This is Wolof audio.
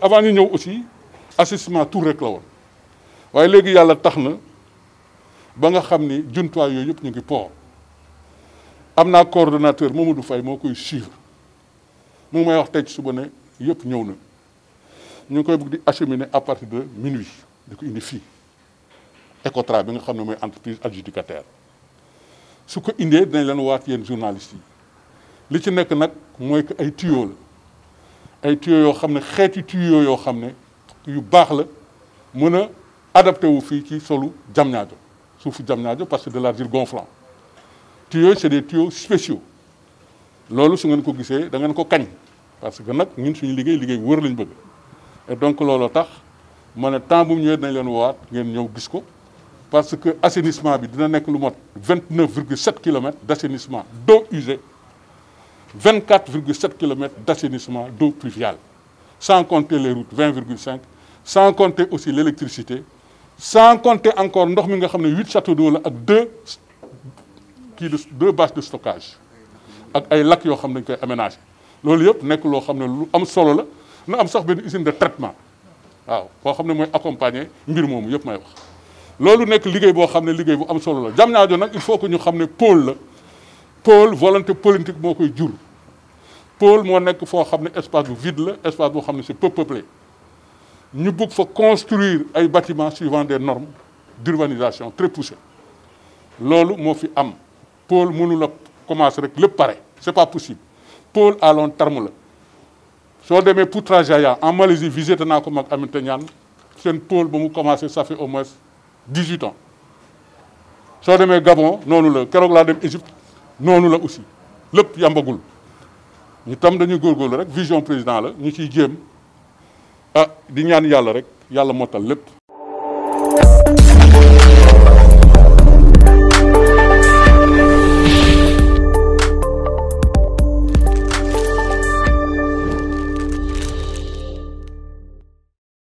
avant ñu ñëw aussi assessment tout rek la woon waaye léegi yàlla tax na ba nga xam ni juntuwaay yooyu yëpp ñu ngi port am naa coordonnateur Mamadou Faye moo koy suivre mu may wax tey ci suba ne yëpp ñëw na ñu ngi koy bëgg di acheminer à partir de minuit di ko indi fii Ecotra bi nga xam ne mooy entreprise adjudicataire su ko indee dinañ leen waat yéen journalistes yi li ci nekk nag mooy que ay tuyaux la ay tuyo yoo xam ne xeeti tuyaux yoo xam ne yu baax la mën a adapté wu fii ci solu Diamniadio suufu Diamniadio parce que de l'argile gonflant tuyaux c'est des tuyaux spéciaux loolu su ngeen ko gisee da ngeen ko kañ parce que nag ñun suñu liggéey liggéey wër lañ bëgg et donc looloo tax ma ne temps bu mu ñëwee dinañ leen woowaat ngeen ñëw gis ko parce que assainissement bi dina nekk lu mot 29,7 neuf kilomètres d'assainissement donc usée 24,7 km d'assainissement d'eau pluviale, sans compter les routes, 20,5, sans compter aussi l'électricité, sans compter encore 8 châteaux d'eau avec 2, deux de stockage, avec des lacs qui sont aménagés. loolu yëpp nekk loo xam ne lu am solo usine de traitement waaw boo accompagné, accompagner mbir moomu yëpp may wax loolu il faut que nous xam le pôle Paul volonté politique c'est Paul espace vide un espace peu peuplé Nous faut construire un bâtiments suivant des normes d'urbanisation très poussées le faire. Paul, am Paul peut pas commencer le pareil. Ce c'est pas possible Paul allons en Malaisie visité à amitanyan. C'est Paul ça fait au moins ans Gabon nous la aussi Nous yambagul ni tam Nous rek vision président la ñu ciy ah di ñaan rek